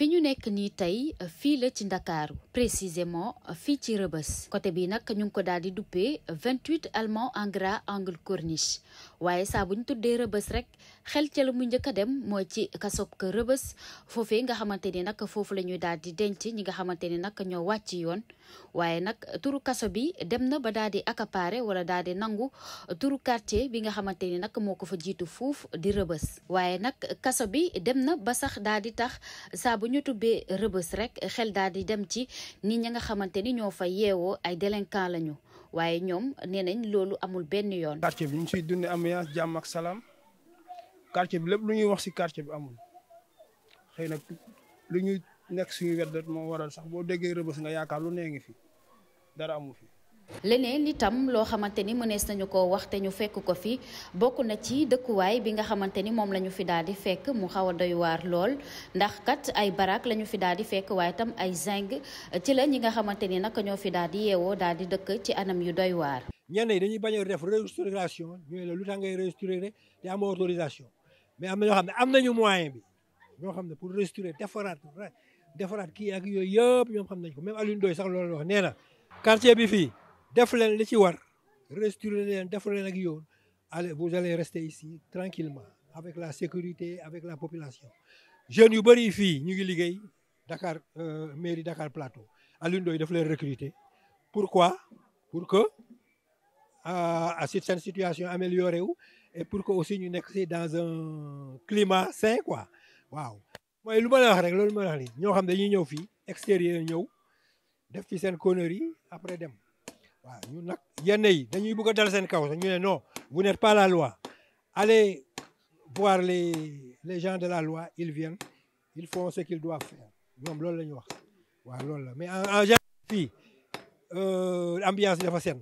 fi ñu nekk nii tey fii la ci ndakaaru précisément fii ci rëbës côté bi nag ñu ngi ko daal di duppee 28 allemand en gras angle corniche waaye saa ñu tuddee rëbës rek xel ca la mu njëkk a dem mooy ci kasob ka rëbës foofee nga xamante ni nag foofu la ñuy daal di denc ñi nga xamante ni nag ñoo wàcc yoon waaye nag turu kaso bi dem na ba daal di accaparé wala daal di nangu turu quartier bi nga xamante ni nag moo ko fa jiitu fuuf di rëbës waaye nag kaso bi dem na ba sax daal di tax saa bu ñu tubbee rëbës rek xel daal di dem ci ni ñi nga xamante ni ñoo fa yeewoo ay délinquant lañu waaye ñoom nee nañ loolu amul benn yoon. quartier bi ñu ngi siy dundee ambiance jàmm ak salaam quartier bi lépp lu ñuy wax si quartier bi amul xëy na lu ñuy nekk suñu wet moo waral sax boo déggee rëbës nga yaakaar lu nee ngi fi dara amu fi. leneen itam loo xamante ni mënees nañu ko wax te ñu fekk ko fi bokk na ci dëkkuwaay bi nga xamante ni moom la ñu fi daal di fekk mu xaw a doy lool ndax kat ay barak la ñu fi daal di fekk waaye itam ay zinc ci la ñi nga xamante ni nag ñoo fi daal di yeewoo daal di dëkk ci anam yu doy waar. ñenn yi dañuy bañ a def restauration ñu la lu tax ngay restaurer te amoo autorisation mais am na ñoo xam ne am nañu moyen bi ñoo xam ne pour restaurer defaraat defaraat kii ak yooyu yëpp ñoom xam nañ ko même Alioune Ndoye sax loolu wax nee na quartier bi fii. def leen li ci war restructurer leen def leen ak yoon allez vous allez rester ici tranquillement avec la sécurité avec la population jeunes yu bëri fii ñu ngi liggéey Dakar euh, mairie Dakar Plateau Alioune Ndoye daf leen recruter pourquoi pour que euh, à seen situation améliorée wu et pour que aussi ñu nekk si dans un climat sain quoi waaw mooy lu ma la wax rek loolu ma la ñoo xam dañuy ñëw fii extérieur ñëw def ci seen connerie après dem waaw ñun nag yenn yi dañuy bëgg a dal seen kaw ñu ne non vous n'êtes pas la loi allez voir les les gens de la loi ils viennent ils font ce qu'ils doivent faire ñoom loolu la ñu wax waaw loolu la mais en en général fii euh, ambiance bi dafa seen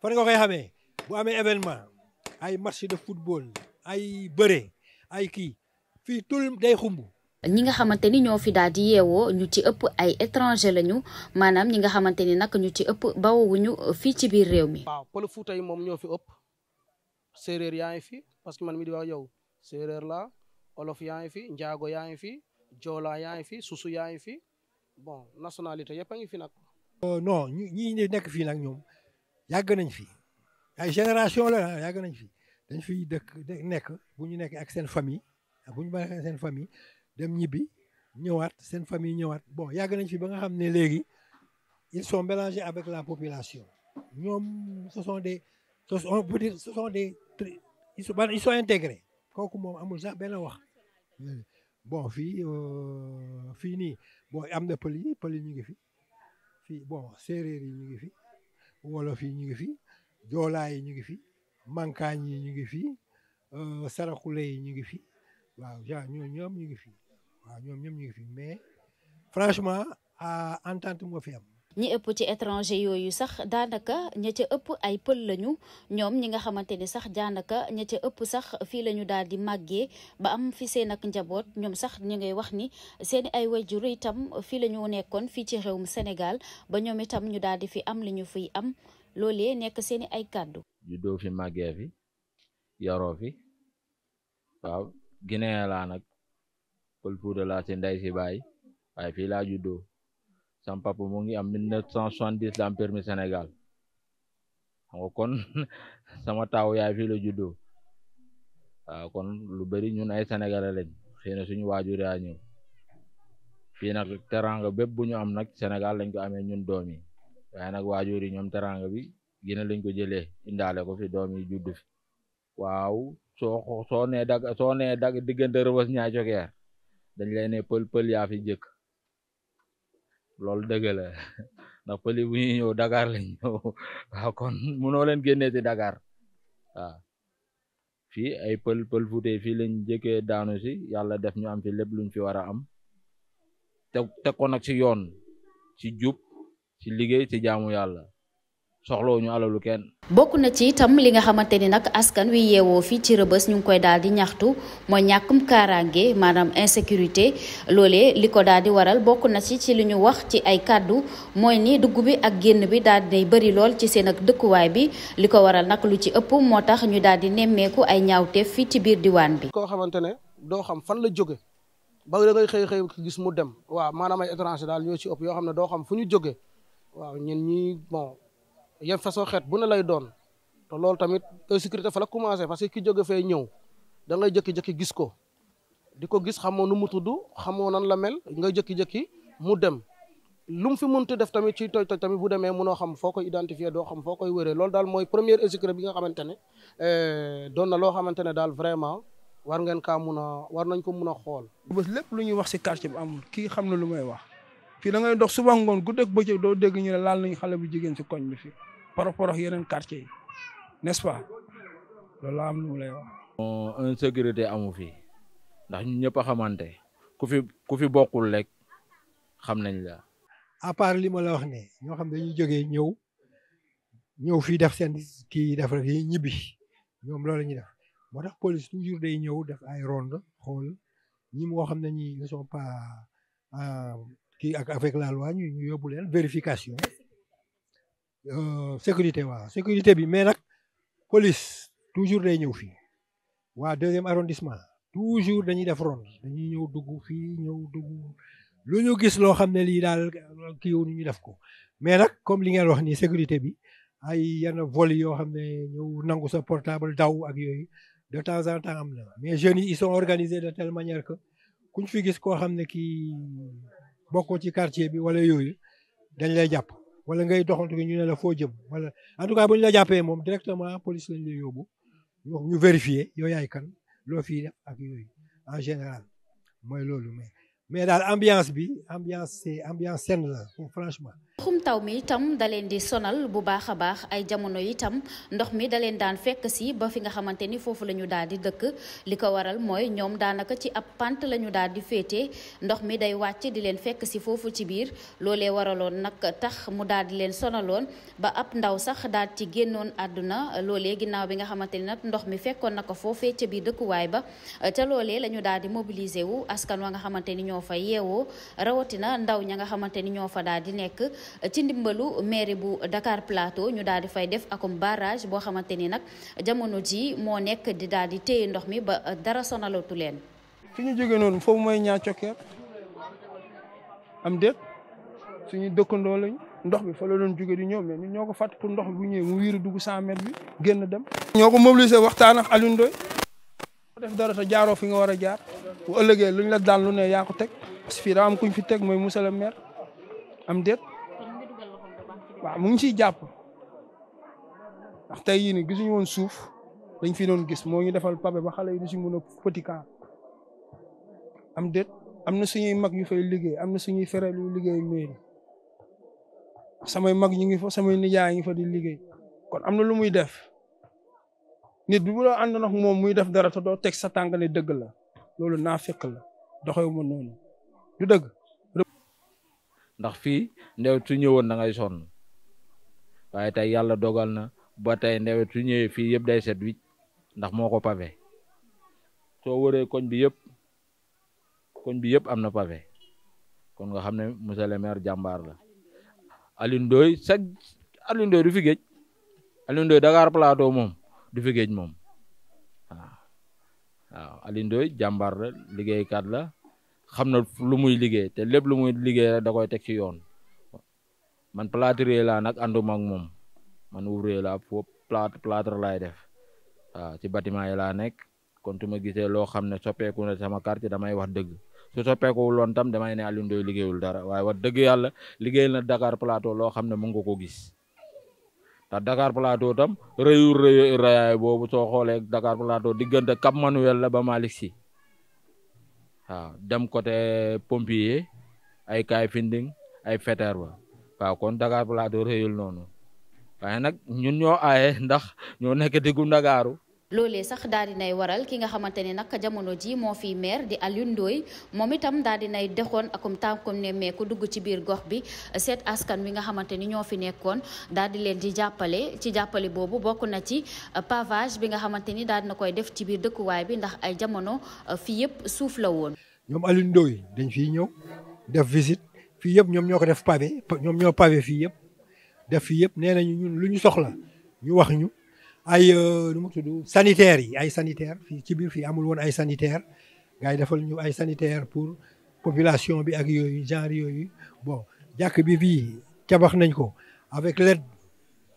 fan nga koy xamee bu amee événement ay match de football ay bëre ay kii fii tout day xumb ñi nga xamante ni ñoo fi daal di yeewoo ñu ci ëpp ay étranger lañu maanaam ñi nga xamante ni nag ñu ci ëpp bawuñu fii ci biir réew mi. waaw pël Fuuta yi moom ñoo fi ëpp séeréer yaa ngi fi parce que man mi di wax yow séeréer la olof yaa ngi fi njaago yaa ngi fi joola yaa ngi fi susu yaa ngi fi bon nationalité yëpp a ngi fi nag. Oh, non ñi nekk fii nag ñoom yàgg nañ fi ay génération la yàgg nañ fi dañ fi dëkk nekk bu ñu nekk ak seen famille bu ñu baaxee seen famille. dem ñibbi ñëwaat seen famille ñëwaat bon yàgg nañ fi ba nga xam ne léegi ils sont mélangés avec la population ñoom ce sont des on peut dire ce sont des ils sont ils kooku moom amul sax benn wax bon fii euh, fii nii bon am na pël yi pël yi ñu ngi fi fii bon séeréer yi ñu ngi fi wolof yi ñu ngi fi joolaa yi ñu ngi fi mankaañ yi ñu ngi fi euh, saraxule yi ñu ngi fi waaw genre ñoom ñu ngi fi waaw ñoom ñoom ñu ngi fi mais franchement ah, entente moo fi am. ñi ëpp ci étranger yooyu sax daanaka ña ëpp ay pël lañu ñoom ñi nga xamante ni sax daanaka ña ca ëpp sax fii lañu ñu daal di màggee ba am fi seen ak njaboot ñoom sax ñu ngay wax ni seeni ay wajur itam fii la nekkoon fii ci réewum Sénégal ba ñoom itam ñu daal di fi am li ñu fiy am loolee nekk seen i ay kàddu. juddoo fi màggee fi yaroo fi waaw Guinée laa nag pël Fuuta laa la ndey si baay waaye fii laa juddoo sama papa mu ngi am 1970 la am permis Sénégal xam nga kon sama taaw yaay fii juddo waaw kon lu bari ñun ay sénégalais lañ xëy na suñu waajur yaa ñëw fii nag teranga bépp bu ñu am nag Sénégal lañ ko amee ñun doom yi waaye nag waajur yi ñoom teranga bi Guinée lañ ko jëlee indaale ko fi doom yi fi waaw soo soo nee dag soo nee dag diggante Rebeuss Niayes Thioker dañ lay ne pël pël yaa fi jëkk loolu dëgg la ndax pël yi bu ñuy lañ ñëw waaw kon mënoo leen génnee ci Dakar waaw fii ay pël pël fuute fii lañ jege daanu si yàlla def ñu am fi lépp luñ fi war a am te teg ko nag ci yoon ci jub ci liggéey ci jaamu yàlla soxlawuñu alalu kenn. bokk na ci itam li nga xamante ni nag askan wi yeewoo fii ci rëbës ñu ngi koy daal di ñaxtu mooy ñàkkum kaaraange maanaam insécurité loolee li ko daal di waral bokk na ci ci li ñu wax ci ay kàddu mooy ni dugg bi ak génn bi daal di bëri lool ci seen ak dëkkuwaay bi li ko waral nag lu ci ëpp moo tax ñu daal di nemmeeku ay ñaawteef fii ci biir diwaan bi. koo xamante ne doo xam fan la jóge ba da ngay xëy xëy gis mu dem waaw maanaam ay étranger daal ñoo ci ëpp yoo xam ne doo xam fu ñu jóge yan façon xeet bu ne lay doon te loolu tamit insécurité fa la commencé parce que ki jóge fee ñëw da ngay jëkki-jëkki gis ko di ko gis xamoo nu mu tudd xamoo nan la mel nga jëkki-jëkki mu dem lu mu mun mënti def tamit ci toj toj tamit bu demee mënoo xam foo koy identifier doo xam foo koy wéree loolu daal mooy première insécurité bi nga xamante ne eh, doon na loo xamante ne daal vraiment war ngeen kaa mun a war nañ ko mun a xool. bés lépp lu ñuy wax si quartier bi amul kii xam na lu may wax da ngay dox suba ngoon guddeeg bëccëg ñu ne laal nañu xale bu jigéen si koñ par rapport ak yeneen quartier yi n'est-ce pas loolu laa am lu mu lay wax. insécurité amu fi ndax ñun ñëpp a xamante ku fi ku fi bokkul rek xam nañ la. à part li ma la wax ne ñoo xam ne dañuy jógee ñëw ñëw fii def seen kii def rek yi ñibbi ñoom loolu la ñuy def moo tax police toujours day ñëw def ay ronde xool ñi moo xam ne ñi ne sont pas euh, kii ak avec la loi ñu yóbbu leen vérification. Euh, sécurité waaw sécurité bi mais nag police toujours day ñëw fii waa deuxième arrondissement toujours dañuy def ronde dañuy ñëw dugg fii ñëw dugg lu ñu gis loo xam ne lii daal kii wu ñu def ko mais nag comme li ngeen wax ni sécurité bi ay yenn vol yoo xam ne ñëw nangu sa portable daw ak yooyu de temps en temps am na mais jeunes yi ils sont organisés de telle manière que kuñ fi gis koo xam ne kii bokkoo ci quartier bi wala yooyu dañ lay jàpp. wala ngay doxantu ñu ne la foo jëm wala en tout cas bu ñu la jàppee moom directement police lañ lay yóbbu ñu vérifier yow yaay kan loo fiy ak yooyu en général mooy loolu mais mais daal ambiance bi ambiance c'est ambiance saine la franchement. ndoxum taw mi itam da leen di sonal bu baax a baax ay jamono itam ndox mi da leen daan fekk si ba fi nga xamante ni foofu la ñu daal di dëkk li ko waral mooy ñoom daanaka ci ab pant la ñu daal di féete ndox mi day wàcc di leen fekk si foofu ci biir loolee waraloon nag tax mu daal di leen sonaloon ba ab ndaw sax daal ci génnoon àdduna loolee ginnaaw bi nga xamante ni nag ndox mi fekkoon na ko foofee ca biir dëkkuwaay ba ca loolee la ñu daal di mobiliser wu askan wa nga xamante ni ñoo ñoo fa yeewoo rawatina ndaw ña nga xamante ni ñoo fa daal di nekk ci ndimbalu mairie bu Dakar Plateau ñu daal di fay def akum barrage boo xamante ni nag jamono ji moo nekk di daal di téye ndox mi ba dara sonalatu leen. fi ñu jógee noonu foofu mooy ñaa cokkeer am déet suñu dëkkandoo lañ ndox mi fa la doon jóge di ñëw mais ñun ñoo ko fàtt pour ndox bi bu ñëwee mu wiiru dugg 100 mètres bi génn dem. ñoo ko mobilisé waxtaan ak Alioune def dara te jaaroo fi nga war a jaar bu ëllëgee luñ la daan lu ne yaa teg parce que fii daa am kuñ fi teg mooy monsieur le maire am déet waaw mu ngi ciy jàpp ndax tey yii ni gisuñu woon suuf dañ fi doon gis moo ñu defal pabe ba xale yi du si mën a petit cas am déet am na suñuy mag yu fay liggéey am na suñuy fereel yu liggéey mairie samay mag ñu ngi fa samay nijaay ngi fa di liggéey kon am na lu muy def nit bu la na ak moom muy def dara te doo teg sa tànk ne dëgg la loolu naa fekk la doxewuma noonu du dëgg. ndax fii ndewet su ñëwoon da ngay sonn waaye tey yàlla dogal na ba tey ndewet su ñëwee fii yëpp day set wicc ndax moo ko pavé soo wëree koñ bi yëpp koñ bi yëpp am na pavé kon nga xam ne monsieur le jàmbaar la Alioune Ndoye chaque du fi géej Alioune Dakar Plateau moom du fi moom waaw waaw Alioune Ndoye jàmbaar la liggéeykat la xam na lu muy liggéey te lépp lu muy liggéey rek da koy teg ci yoon man plâtrier laa nag ànduma ak moom man ouvrier laa fo plâtre plâtre laay def waaw ci bâtiment yi laa nekk kon tu ma gisee loo xam ne soppeeku na sama quartier damay wax dëgg su soppeekuwul loon tam damay ne Alioune Ndoye liggéeyul dara waaye wax dëgg yàlla liggéeyal na Dakar Plateau loo xam ne mën nga ko gis ndax Dakar Plateau tam rëyul rëy rëyaay boobu xoolee Dakar Plateau diggante Cap Manuel la ba Malick si waaw dem côté pompier ay kaay finding ay feteer ba waaw kon Dakar Plateau rëyul noonu waaye nag ñun ñoo aaye ndax ñoo nekk diggu Ndakaaru loolee sax daal di nay waral ki nga xamante ne nag jamono ji moo fi maire di Alioune Ndoye moom itam daal dinay nay dexoon akum tànkum ne meeku dugg ci biir gox bi seet askan wi nga xamante ni ñoo fi nekkoon dal di leen di jàppale ci jàppale boobu bokk na ci uh, pavage bi nga xamante ni daal di na koy def ci biir dëkkuwaay bi ndax ay jamono uh, fi yëpp suuf la woon. ñoom Alioune Ndoye dañ fiy ñëw def visite fii yëpp ñoom ñoo ko def pavé ñoom ñoo pavé fii yëpp def fii yëpp nee nañu ñun lu ñu soxla ñu wax ñu. ay euh, nu mu tudd sanitaire yi ay sanitaire fii ci biir fii amul woon ay sanitaire gars yi defal ñu ay sanitaire pour population bi ak yooyu genre yooyu bon jàkk bi fii tabax nañ ko avec l'aide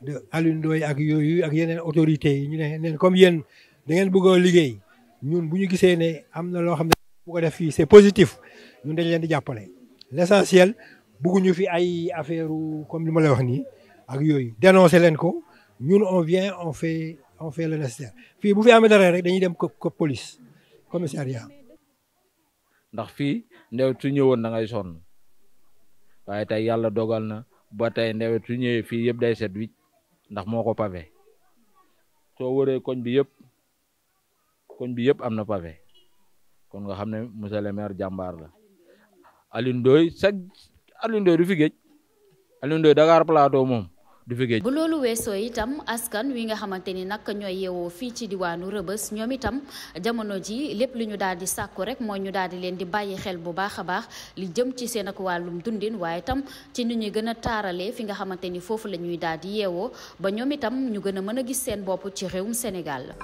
de Alioune Ndoye ak yooyu ak yeneen autorités yi ñu ne neen comme yéen da ngeen bëgg a liggéey ñun bu ñu gisee ne am na loo xam ne bu ko def fii c'est positif ñun dañ leen di jàppale l'essentiel bëgguñu fi ay affaire comme li ma la wax nii ak yooyu dénoncer leen ko ñun on vient on fait on fait le nécessaire fii bu fi amee dara rek dañuy dem ko police commissariat. ndax fii nawet su ñëwoon da ngay sonn waaye tey yàlla dogal na ba tey nawet su ñëwee fii yëpp day set wicc ndax moo ko pavé soo wëree koñ bi yëpp koñ bi yëpp am na pavé kon nga xam ne monsieur le maire jàmbaar la Alioune Ndoye chaque du fi géej Alioune Dakar Plateau moom. du bu loolu weesoo itam askan wi nga xamante ni nag ñooy yeewoo fii ci diwaanu rëbës ñoom itam jamono ji lépp li ñu daal di sàkku rek mooy ñu daal di leen di bàyyi xel bu baax a baax li jëm ci seen ak wàllum dundin waaye itam ci ni ñuy gën a taaralee fi nga xamante ni foofu lañuy ñuy daal di yeewoo ba ñoom itam ñu gën a mën a gis seen bopp ci réewum Sénégal